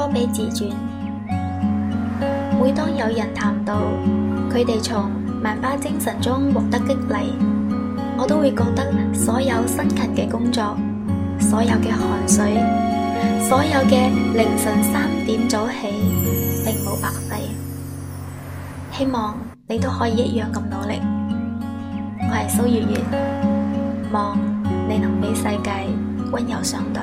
多比自傳。每當有人談到佢哋從曼巴精神中獲得激勵，我都會覺得所有辛勤嘅工作、所有嘅汗水、所有嘅凌晨三點早起，並冇白費。希望你都可以一樣咁努力。我係蘇月月，望你能俾世界溫柔相待。